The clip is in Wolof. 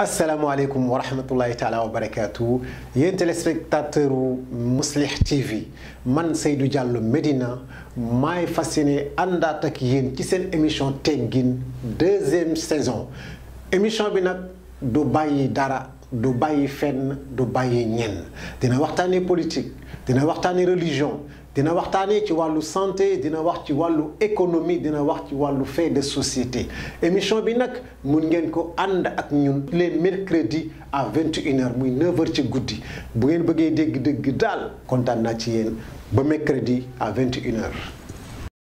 asalaamaaleykum wa rahmatullahi taala wa barakaatu yéen téléspectateur Mouslih TV man Seydou Diallo Medina maay fas yéene àndaat ak yéen ci seen émission teggin deuxième saison émission bi nag du bàyyi dara. du bàyyi fenn du bàyyi ñenn dina waxtaanee politique dina waxtaanee religion dina waxtaanee ci wàllu santé dina wax ci wàllu économie dina wax ci wàllu fait de société émission bi nag mun ngeen ko ànd ak ñun les mercredis à 21h muy 9 ci guddi bu ngeen bëggee dégg-dégg daal kontaan naa ci yéen ba mercredi à vingt h